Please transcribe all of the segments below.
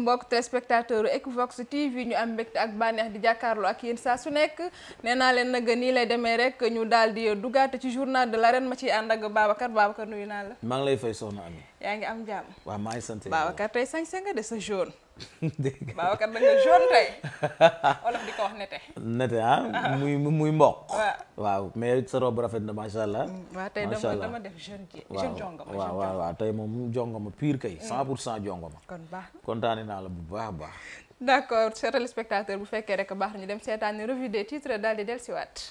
mbokk téléspectateur Equivox TV ñu am mbégte ak bànneex di jàkkaarloo ak yéen saa su nekk nee naa leen nag nii lay demee rek ñu daal di dugaate ci journal de ren ma ciy ànd ak Babacar Babacar nuyu naa la. maa ngi lay fay soxna Ami. yaa ngi am jàmm. waaw maa ngi sant Babacar tey sañ nga de sa jaune. dégg nga Babacar da nga jaune tey. olof di ko ah, muy muy mboq. waaw mais sa robe rafet na macha allah. macha mm, allah waaw tey dama def jaune ji jaune waaw waaw waaw moom jongoma pure kay. 100 mm. pour cent jongoma. kon baax kontaane naa la bu baax a baax. d' accord chers téléspectateurs bu fekkee rek baax ñu dem seetaan revue des titres daal di dellusiwaat.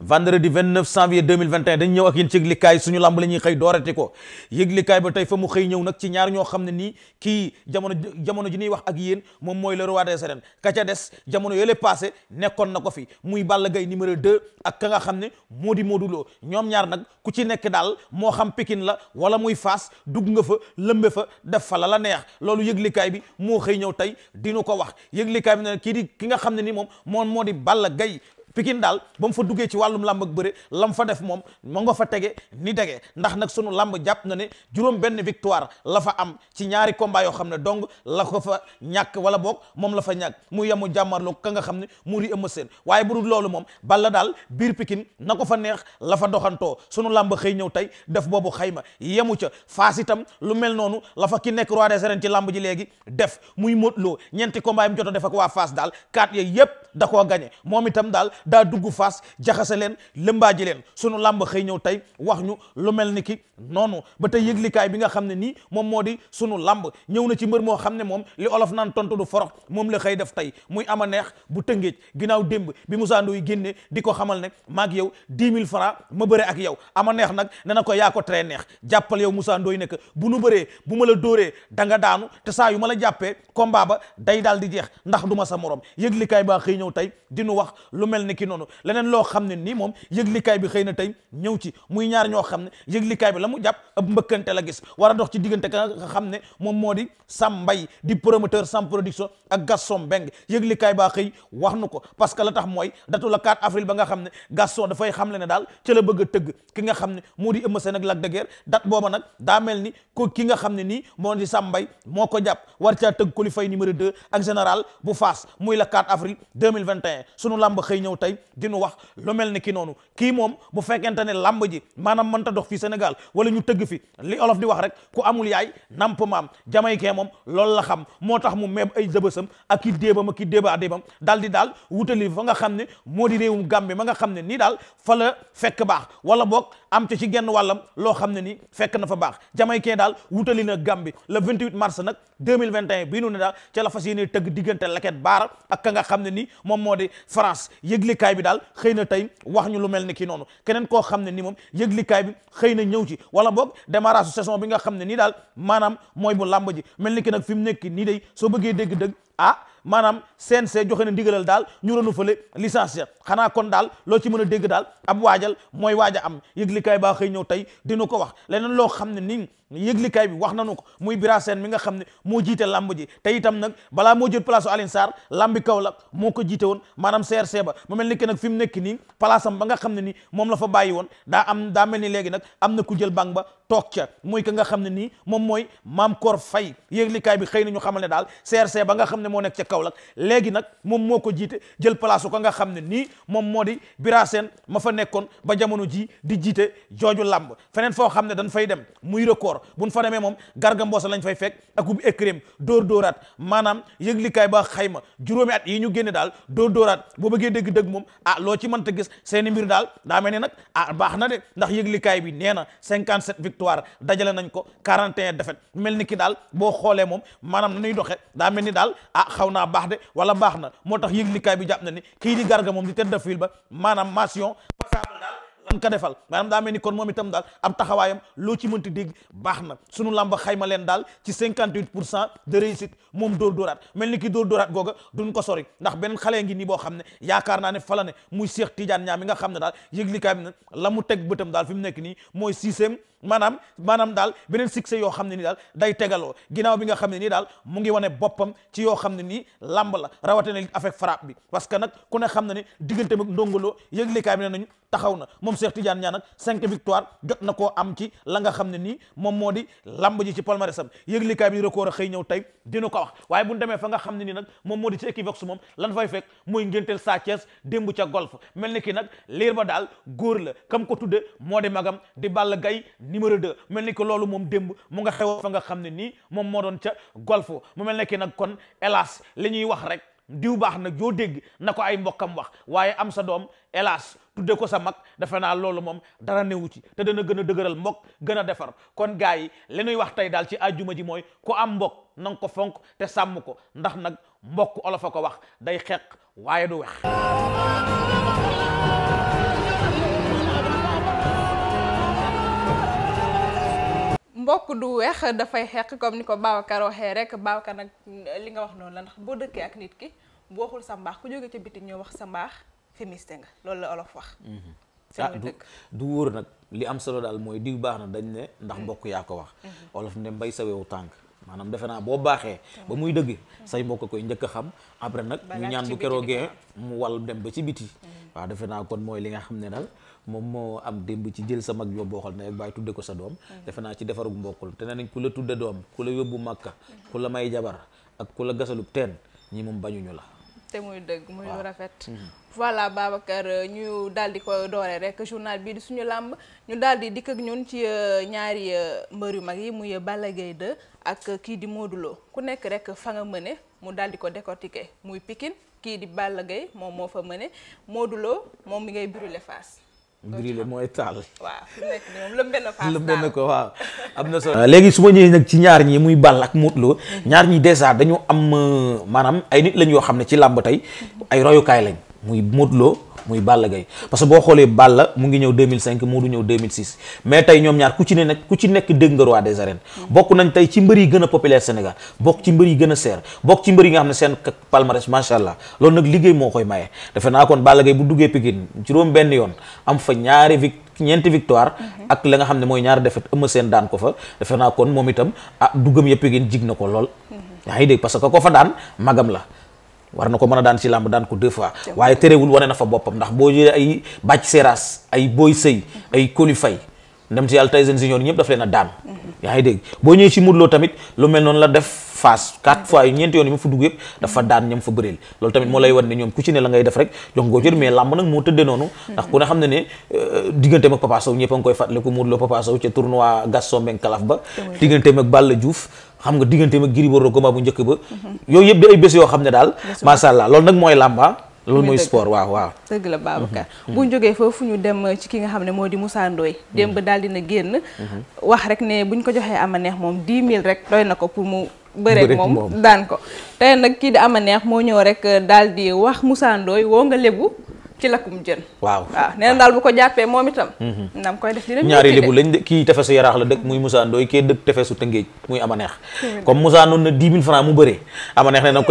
vendredi 29 janvier 2021 dañ ñëw ak yéen ci yëglikaay suñu lamb la ñuy xëy doorati ko yëglikaay ba tey fa mu xëy ñëw nag ci ñaar ñoo xam ne nii kii jamono jamono ji ñuy wax ak yéen moom mooy le roi des arènes ka ca des jamono yële passé nekkoon na ko fi muy Balla Gaye numéro 2 ak ka nga xam ne moo di Modou Lo ñoom ñaar nag ku ci nekk daal moo xam Pikine la wala muy Fass dugg nga fa lëmbe fa def fa la la neex loolu yëglikaay bi moo xëy ñëw tey dina ko wax yëglikaay bi na kii di ki nga xam ne nii moom moom moo di Balla Gaye Pikine daal ba fa duggee ci wàllum làmb ak bëre lam fa def moom moo nga fa tege ni tege ndax nag sunu làmb jàpp na ne juróom benn victoire la am ci ñaari combat yoo xam ne donc la ko fa ñàkk wala boog moom la fa ñàkk muy yemu jàmmarloo ka nga xam ne mu am a seen waaye bu dul loolu moom balla daal biir pikin na ko fa neex lafa fa doxantoo sunu làmb xëy ñëw tey def boobu xayma yemu ca faas itam lu mel noonu la fa ki nekk roi des arènes ci làmb ji léegi def muy Modou ñeenti combat jot def ak waa Fass daal kaat ya yëpp da koo gagné moom itam daal daa dugg faas jaxasa leen lëmbaaji leen sunu làmb xëy ñëw tey wax ñu lu mel ni ki noonu ba tey yëglikaay bi nga xam ne nii moom moo di sunu làmb ñëw na ci mbër moo xam ne moom li olof naan tontu du forox moom la xëy def tey muy ama neex bu tëngéej ginnaaw démb bi Moussa Ndoye génne di ko xamal ne maag yow dix mille francs ma bëre ak yow ama neex nag ne na ko yaa ko très neex jàppal yow Moussa Ndoye ne bu nu bëree bu ma la dooree da nga daanu te saa yu ma la jàppee combat ba day daal di jeex ndax du ma sa morom yëglikaay baa xëy ñëw tey ki noonu leneen loo xam ne nii moom yëglikaay bi xëy na tey ñëw ci muy ñaar ñoo xam ne yëglikaay bi la mu jàpp ab mbëkkante la gis war a dox ci diggante ka nga xam ne moom moo di Sam Mbaye di promoteur Sam Production ak Gaston Mbengue yëglikaay baa wax nu ko parce que la tax mooy datu la 4 ba nga xam ne Gaston dafay xam le ne daal ca la bëgg a ki nga xam ne moo di Eumeu Sène ak Lac de Guiers date booba ni ko ki nga xam ne nii moo di Sam Mbaye moo ko jàpp war caa tëgg Coly Faye numéro 2 ak général bu Fass muy la 4 avril 2021 sunu làmb xëy ñëw tey dinu wax lu mel ni ki noonu kii moom bu fekkente ne làmb ji maanaam mënta dox fii Sénégal wala ñu tëgg fi li olof di wax rek ku amul yaay namp maam jamaykee moom loolu la xam moo tax mu meeb ay dëbësam ak ki déebam ak ki déeba déebam daal di daal wutali fa nga xam ne moo di réewum Gàmbi nga xam ne nii daal fa la fekk baax wala boog am ca ci genn wàllam loo xam ne nii fekk na fa baax jamaykee daal wutali na Gàmbi le 28 mars nag 2021 bii nu ne daal ca la moom moo di France yëg yëglikaay bi daal xëy na tey wax ñu lu mel ni ki noonu keneen koo xam ne ni moom yëglikaay bi xëy na ñëw ci wala boog démarrage saison bi nga xam ne nii daal maanaam mooy bu làmb ji mel ni ki nag fi mu nekk nii day soo bëggee dégg-dëgg ah maanaam CNC joxe na ndigalal daal ñu renouveler licence ya xanaa kon daal loo ci mën a dégg daal ab waajal mooy waaj a am yëglikaay baa xëy ñëw tey dina ko wax leneen loo xam ne nii yëglikaay bi wax nanu ko muy Bira Sène nga xam ne moo jiite lamb ji te itam nag balaa moo jël place Alioune Sarr lambi Kaolack moo ko jiite woon maanaam CRC ba mu mel ni que nag fi mu nekk nii place am ba nga xam ne nii moom la fa bàyyi woon daa am daa mel ni léegi nag am na ku jël bang ba toog ca muy nga xam ne nii moom mooy Maam Kor Fay yëglikaay bi xëy na ñu xamal ne daal CRC ba nga xam ne moo nekk ca Kaolack léegi nag moom moo ko jiite jël place ka nga xam ne nii moom moo di Bira ma fa nekkoon ba jamono ji di jiite jooju lamb feneen foo xam ne dañ fay dem muy record sport buñ moom garga mboosa lañ fay fekk ak ub écrém dóor dóoraat maanaam yëglikaay ba xayma juróomi at yi ñu génne daal dóor dóoraat boo bëggee dégg dëgg moom ah loo ci mënta gis seeni mbir daal daa mel ne nag ah baax na de ndax yëglikaay bi nee na cinquante sept victoire dajale nañ ko quarante en un défaite mel ni ki daal boo xoolee moom maanaam na ñuy doxe daa mel ni daal ah xaw naa baax de wala baax na moo tax kaay bi jàpp na ni kii di garga moom di tête de ba maanaam mention passable lan ko defal maanaam daa mel ni kon moom itam daal am taxawaayam loo ci mënti dégg baax na sunu làmb xayma leen daal ci cinquante huit pour cent de réussite moom dóor dóoraat mel ni ki dóor dóoraat googa duñ ko sori ndax beneen xale ngi nii boo xam ne yaakaar naa ne fala ne muy Cheikh Tidiane Niang mi nga xam ne daal yëglikaay bi ne la mu teg bëtam daal fi mu nekk nii mooy sixième maanaam maanaam daal beneen succès yoo xam ne nii daal day tegaloo ginnaaw bi nga xam ne nii daal mu ngi wane boppam ci yoo xam ne nii lamb la rawatina avec frappe bi parce que nag ku ne xam ne ne diggante mag ndongolo yëglikaay bi ne nañu taxaw na moom Cheikh Tidiane Niang nag cinq victoire jot na koo am ci la nga xam ne nii moom moo di lamb ji ci palmarèsam yëglikaay bi record a xëy ñëw tey dina ko wax waaye bu ñu demee fa nga xam ne nii nag moom moo di ci Equivox moom lan fay fekk mooy ngénteel Sa Thiès démb ca golf mel ni ki nag liir ba daal góor la kam ko tudde moo di magam di Balla gay numéro 2 mel ni ki loolu moom démb mu nga xew fa nga xam ne nii moom moo doon ca golf mu mel ni ki nag kon hélas li ñuy wax rek diw baax nag joo dégg na ko ay mbokkam wax waaye am sa doom hélas tudde ko sa mag defe naa loolu moom dara newu ci te dana gën a dëgëral mbokk gëna defar kon gaa yi li ñuy wax tey daal ci àjjuma ji mooy ku am mbokk na ko fonk te sàmm ko ndax nag mbokk olof a ko wax day xeq waaye du wex mbokk du weex dafay xeq comme ni ko Babacar waxee rek ka nag li nga wax noonu la ndax boo dëkkee ak nit ki bu waxul sa mbaax ku jóge ca biti ñoo wax sa mbaax féministe nga loolu la olof wax mhm. ah du du wóor nag li am solo daal mooy diw baax na dañ ne ndax mhm. mbokk yaa ko wax mhm. olof ne mbay sa wewu tànk maanaam defe naa boo baaxee ba muy dëgg say mbokk koy njëkk a xam après nag ñu ñaan bu keroogee mu wal dem ba ci biti waaw defe naa kon mooy li nga xam ne daal moom moo am démb ci jël sa mag joo boo xam ne rek bàyyi tudde ko sa doom defe naa ci defaru mbokkul te ne nañ ku la tudde doom ku la yóbbu màkka ku la may jabar ak ku la gasalub teen ñi moom bañuñu la te muy dëgg muy rafet mhm. voilà Babacar euh, ñu daal di ko dooree rek journal bi di suñu làmb ñu daal di dikk ak ñun ci euh, ñaari euh, mbër yu mag yi muy Balla Gaye 2 ak kii di Modou ku nekk rek fa nga mëne mu daal di ko décortiquer muy Pikine kii di Balla Gaye moom moo fa mëne Modou Lo moom mi ngay brûler face grillé mooy taal. waaw fi mu nekk nii ko waaw am na solo. léegi su ma ñëwee nag ci ñaar ñii muy Balla ak Modou mhm. ñaar ñi dèjà dañu am euh, maanaam ay nit lañ yoo xam ne ci làmb tey ay royukaay lañ muy Modou muy Balla Gaye parce que boo xoolee Balla mu ngi ñëw 2005 Modou ñëw mais tey ñoom ñaar ku ci ne nekk dégg nga roi des arènes bokk nañ tey ci mbër gën a populaire Sénégal bokk ci mbër yi gën a seer bokk ci mbër nga xam ne seen palmarès macha allah loolu nag liggéey moo koy maye defe naa kon Balla Gaye bu duggee Pikine juróom benn yoon am fa ñaari vic ñeenti victoire ak la nga xam ne mooy ñaari défaite Eumeu Sène daan ko fa defe naa kon moom itam ah duggam yëpp Pikine jig na ko lool mhm. yaa ngi dégg parce que ko fa daan magam la war na ko mën a daan ci làmb daan ko deux fois waaye terewul wane na fa boppam ndax boo jëlee ay bàcc seeraas ay Boy Sey ay Coly ndem si yàlla Tyson ñëpp a daan mhm. yaa ngi dégg boo ñëwee si mhm. dafa daan ñam fa bëreel loolu tamit moo lay wan ne ñoom ku ci ne la ngay def rek jox ngoo cër mais làmb nag moo tëddee noonu mhm. ndax ku ne xam ne ne euh, digganteem ak Papa Sow ñëpp a ngi koy fàttaliku Modou Lo Papa Sow ca tournoi Gaston Mbengue Kalaf ba digganteem ak Balla Diouf xam nga digganteem ak Gris Bordeaux combat bu njëkk ba yooyu yëpp di ay bés yoo xam ne daal macha allah loolu nag mooy làmba ah. loolu mooy sport waaw waaw dëgg la Babacar mhm. bu ñu jógee foofu ñu dem ci ki nga xam ne moo di Moussa Ndoye mhm. démb daal na génn mhm. wax rek ne bu ñu ko joxee am a neex moom 10 000 rek doy na ko pour mu bëreeg moom daan ko tey nag kii di am a neex moo ñëw rek daal di wax Moussa woo nga lébu ci lakkum jën waaw waaw daal bu ko jàppee moom itam mhm. nam koy def dina ñaari lébu lañ de dëkk tefesu Tëngéej muy Amaneex comme Moussa noonu na dix mille mu bëree Amaneex ah, mm.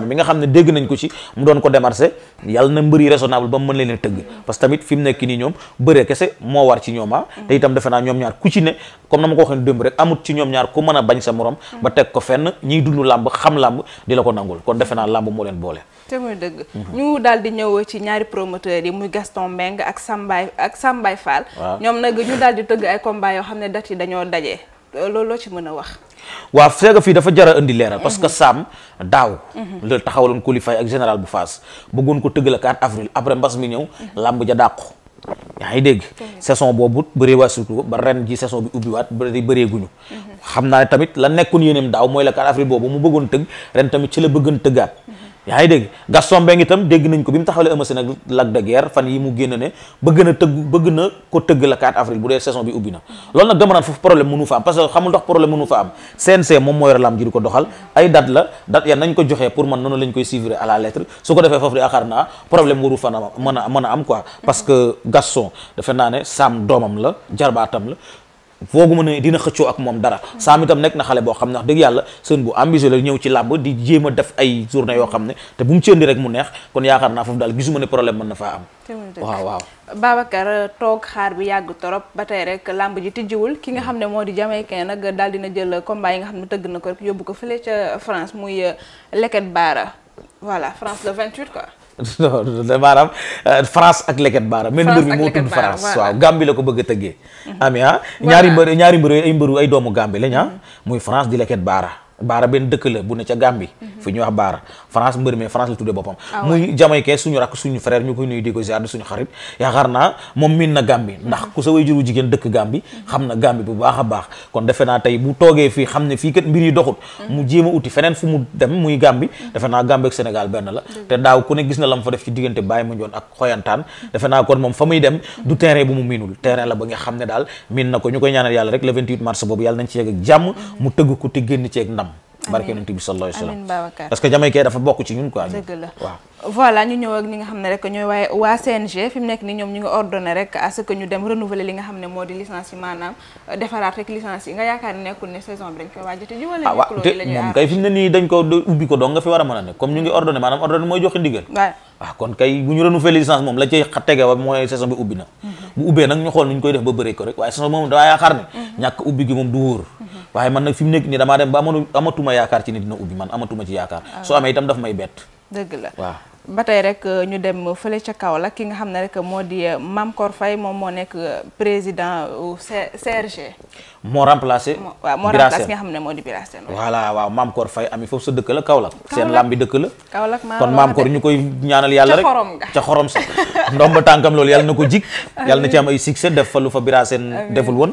fi nga xam ne dégg nañ ko ci mu doon ko démarché yàlla na mbëri raisonnable ba mu mën leen tëgg parce tamit fi mu nii ñoom bëree kese moo war ci ñoom ah mm. te itam defe naa ñoom ñaar ku ci ne comme na ma ko waxee démb rek amut ci ñoom ñaar ku mën a bañ sa morom mm. ba teg ko fenn ñiy dund làmb xam làmb di la ko nangul kon defe naa làmb moo leen boole te muy dëgg mm-hmm. ñu daal di ñëw ci ñaari promoteurs yi muy Gaston Mbengue ak yoo xam ne dat yi dañoo daje loolu loo ci mën a wax waaw seega fii dafa jara indi leeral parce que mm-hmm. Sam daaw mm-hmm. la taxawaloon qualifié ak général bu Fass bëggoon ko tëggal ak 4 avril après mbas mi ñëw làmb ja dàqu yaa ngi dégg saison boobu bëree waa surtout ba ren ji saison bi ubbiwaat bëri bëreeguñu mhm. xam naa tamit la nekkoon yéeneem daaw mooy la car avril boobu mu bëggoon tëgg ren tamit ci la bëggoon tëggaat mhm. yaa ngi dégg Gaston Mbengue itam dégg nañ ko bi mu taxawlee Eumeu Sène ak de Guiers fan yi mu génn ne bëgg na tëgg bëgg na ko tëgg la 4 avril bu dee saison bi ubbi na loolu nag dama naan foofu problème mënu fa am parce que xamul dox problème mënu fa am CNC moom moo yor ji di ko doxal ay date la date ya nañ ko joxee pour man noonu lañ koy suivre à la lettre su ko defee foofu yaakaar naa problème waru fan a mën a a am quoi parce que Gaston defe naane ne doomam la jarbaatam la fooguma ne dina xëccoo ak moom dara saam itam nekk na xale boo xam ne wax dëgg yàlla seen bu ambitieux la ñëw ci làmb di jéem a def ay journée yoo xam ne te bu mu ci indi rek mu neex kon yaakaar naa foofu daal gisuma ne problème mën na faa am waaw waaw Babacar euh, toog xaar bi yàgg torop ba tey rek làmb ji tijjiwul ki nga xam ne moo di jamaïcain nag daal dina jël combat yi nga xam ne tëgg na ko rek yóbbu ko fële ca France muy euh, leket baara voilà France le 28 quoi maanaam euh, France ak leket baara mel mbër mi moo tudd France waaw Gambie la ko bëgg a tëggee mhm. ami ah ñaari mbër ñaari mbër ay mbëru ay doomu Gambie lañ ah mhm. muy France di leket baara baara benn dëkk la bu ne ca Gambie. Mhm. fi ñuy wax baara France mbër mi France la tuddee boppam. Ah muy jamaykee suñu rakk suñu frère ñu koy nuyu di ko ziar di suñu xarit na Gambie ndax mhm. bu baax a baax kon defe naa tey bu toogee fii xam ne fii kat mbir yi mhm. mu jéem uti feneen fu mu dem muy Gambie defe naa Gambie ak Sénégal benn la te daaw ku ne gis na lam fa def ci diggante Baye Mandione ak xoyantaan defe naa kon moom fa muy dem du terrain bu mu la ba nga xam ne na ko ñu koy ñaanal yàlla rek le 28 mars boobu yàlla nañ ci yegg mu tëgg ko te génn ci ndam barke yonent bi sallallahu alayhi wasallam parce que jamaykee dafa bokk ci ñun quoi. dëgg la waa kon kay bu ñu renouveler licence moom la cay tege wa mooy saison bi ubbi na mhm. bu ubbee nag ñu xool nu ñu koy def ba bëree ko rek waaye saison moom daa yaakaar ne mhm. ñàkk ubbi gi moom du wóor mhm. waaye man nag fi mu nekk nii damaa dem ba amatu amatuma yaakaar ci ni dina ubbi man amatuma ci yaakaar ah. soo amee itam daf may bett dëgg la waaw ba tey rek euh, ñu dem fële ca Kaolack ki nga xam ne rek moo di euh, Mamkor Faye moom moo nekk euh, président CRG. moo remplacé. waaw moo remplacé nga xam ne moo di Bira Sène. voilà waaw Mamkor Faye ami foofu sa dëkk la Kaolack. seen bi dëkk la. Kaolack maa kon Mamkor ñu koy ñaanal yàlla rek ca xorom nga ca xorom sax tànkam loolu yàlla na ko jig. yàlla na ci am ay succès def fa lu fa Bira Sène deful woon.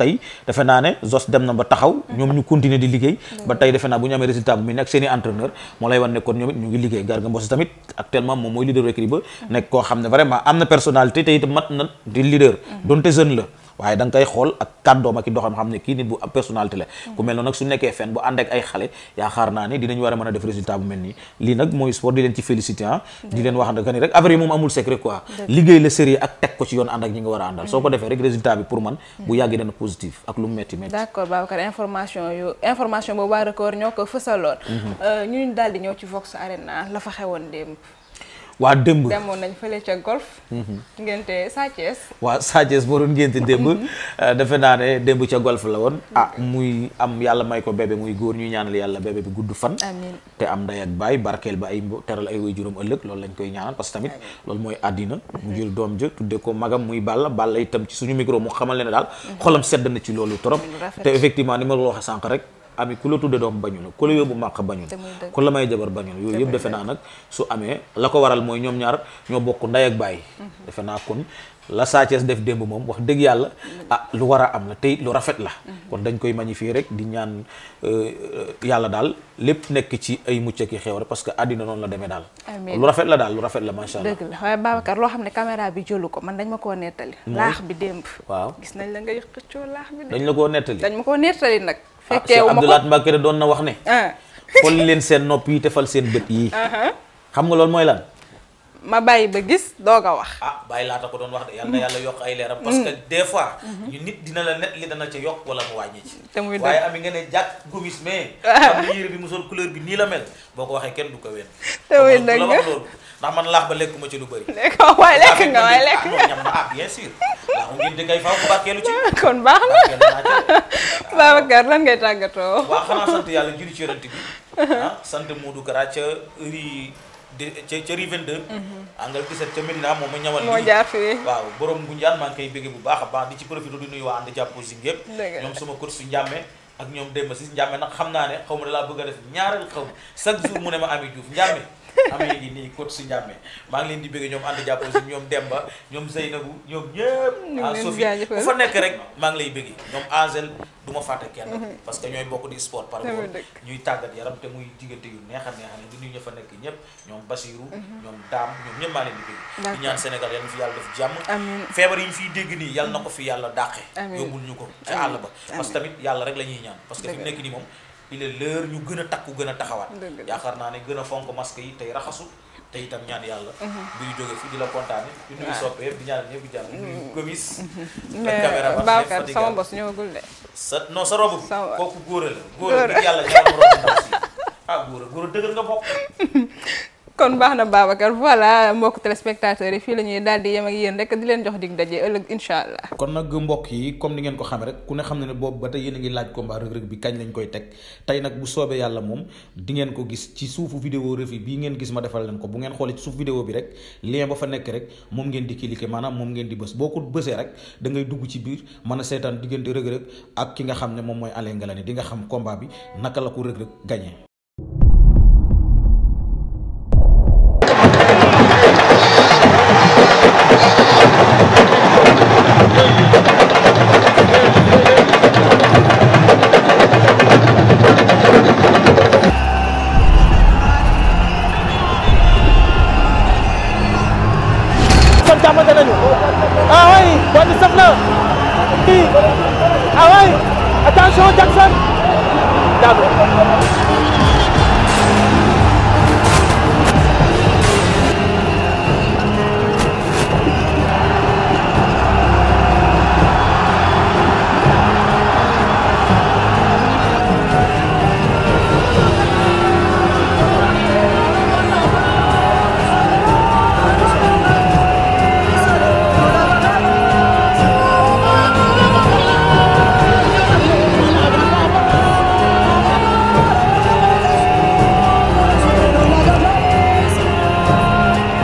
tey defe naa ne Zos dem na ba taxaw ñoom ñu continuer di liggéey mm. ba tey defe naa bu ñu amee résultat bu muy nekk seen i entraîneur moo lay wan ne kon ñoom it ñu ngi liggéey Garga Mbossé tamit actuellement moom mooy leader écurie ba mm. nekk koo xam ne vraiment am na personnalité te itam mat na di leader mm. donte jeune la waaye da nga koy xool ak kàddoom ak i doxam xam ne kii nit bu personnalité la mm. ku mel noonu nag su nekkee fenn bu ànd ak ay xale yaakaar naa ni dinañ war a mën a def résultat bu mel nii lii nag mooy sport di leen ci félicité ah di leen wax ne rek affaire moom amul secret quoi liggéey la sérieux ak teg ko ci yoon ànd ak ñi nga war a àndal mm. soo ko defee rek résultat bi pour man mm. bu yàggee dana positif ak lu metti metti d'accord Babacar information yu information waa démb demoon nañ fële ca golf. Mhm. ngénte Sa Thiès. waaaa Sa Thiès moo doon ngénte démb. Mhm. Euh, defe naa ne démb ca golf la woon. ah muy am yàlla may ko bebe muy góor ñu ñaanal yàlla bébé bu gudd fan. amiin te am nday ak baay barkeel ba ay teral ay way juróom ëllëg loolu lañ koy ñaanal parce tamit loolu mooy àddina. mu jël doom ja tudde ko magam muy Balla Balla itam ci suñu micro mu xamal ne daal. xolam sedd na ci loolu trop. te effectivement ni ma la waxee sànq rek. ami ku la tudde doom bañu la ku la yóbbu may jabar bañu la yooyu yëpp defe naa nag su amee la ko waral mooy ñoom ñaar ñoo bokk ndey ak baay mhm. defe naa kon la Sa Thiès def démb moom wax dëgg yàlla mhm. ah lu war a am la tey lu rafet la mhm. kon dañ koy magnifier rek di ñaan euh, euh, yàlla daal lépp nekk ci ay mucc ki xew rek parce que àddina noonu la demee daal lu rafet la daal lu rafet la macha allah dëgg loo xam ne caméra bi jëlu ko man dañ ma koo nettali laax bi démb waaw gis nañ la ngay xëccoo dañ koo nettali dañ ma koo Ah, fekkee wu ma ko Cheikh doon na wax ne. xolli ah. leen seen nopp yi tefal seen bët yi. Uh-huh. xam nga loolu mooy lan. ma bàyyi ba gis doog a wax. ah bàyyi laata ko doon wax de yal na yàlla yokk ay leeram. parce que mm. des fois. ñu mm-hmm. nit dina la net li dana ca yokk wala mu wàññi ci. te muy dëgg waaye am nga ne jàpp gomis mais. am na yére bi mu sol couleur bi nii la mel boo ko waxee kenn du ko wéen. te muy dëgg la wax loolu ndax man laax ba lekk ma ci lu bëri. lekkoo waaye lekk nga waaye lekk nga ah, ñam na ah bien sûr. ndax mu ngi dëggay faaw bu bàkkeelu ci. kon baax na Babacar lan ngay tàggatoo. waaw xanaa sant yàlla jëli ci rëdd bi. Ah, sant Modou Kara ca heure di ca rue 22. angal gisat ca Medina mhm. moom a ñawal. moo jaar fii waaw borom bu njaan maa ngi koy bëgge bu baax a baax di ci profité di nuyu waa ànd jàppoo si ngépp ñoom sama kër su njàmme ak ñoom démb si njàmme nag xam naa ne xaw ma dalaa bëgg a def ñaareel xaw chaque jour mu ne ma Ami Diouf njàmme amee ngi nii coach si Ndiame maa ngi leen di bëgg ñoom ànd jàpp aussi ñoom dem ñoom Zeynabou ñoom ñëpp ah nekk rek maa ngi lay bëgg ñoom du ma fàtte kenn mhm. parce que ñooy bokk di sport par exemple ñuy tàggat yaram te muy diggante yu neexa neexa ne di nuyu ñëpp ñoom Basirou mhm. ñoom ñoom ñëpp maa leen di bëgg di ñaan Sénégal jàmm feebar yi ñu na ko mhm. fi yàlla dàqe yóbbul ñu ko ci àll yàlla la ñuy ñaan parce que nii moom il est l'heure ñu gën a takku gën a taxawaat yaakaar naa ne gën a fonk masque yi tey raxasu te itam ñaan yàlla mbir mhm. yu jóge fii di la kontaane di nuyu soppe yëpp di ñaanal ñëpp di jàmm nuyu mhm. gomis mhm. mais Babacar sa non sa robu kooku góor yàlla ñaan robu ndaw si ah góor a góor a nga bopp kon baax na Babacar voilà mbokk téléspectateurs yi fii la ñuy daal di yem ak yéen rek di leen jox dig daje ëllëg incha allah. kon nag mbokk yi comme ni ngeen ko xamee rek ku ne xam na ne boobu ba tey yéen a ngi laaj combat Reug Reug bi kañ koy teg tey nag bu soobee yàlla moom di ngeen ko gis ci suufu vidéo refi bii ngeen gis ma defal leen ko bu ngeen xoolee ci suuf vidéo bi rek lien ba fa nekk rek moom ngeen di cliquer maanaam moom ngeen di bës boo ko bësee rek da dugg ci biir mën a seetaan diggante Reug Reug ak ki nga xam ne moom mooy Alain Ngalani di nga xam combat bi naka la ko Reug Reug gagné attention Jackson daanu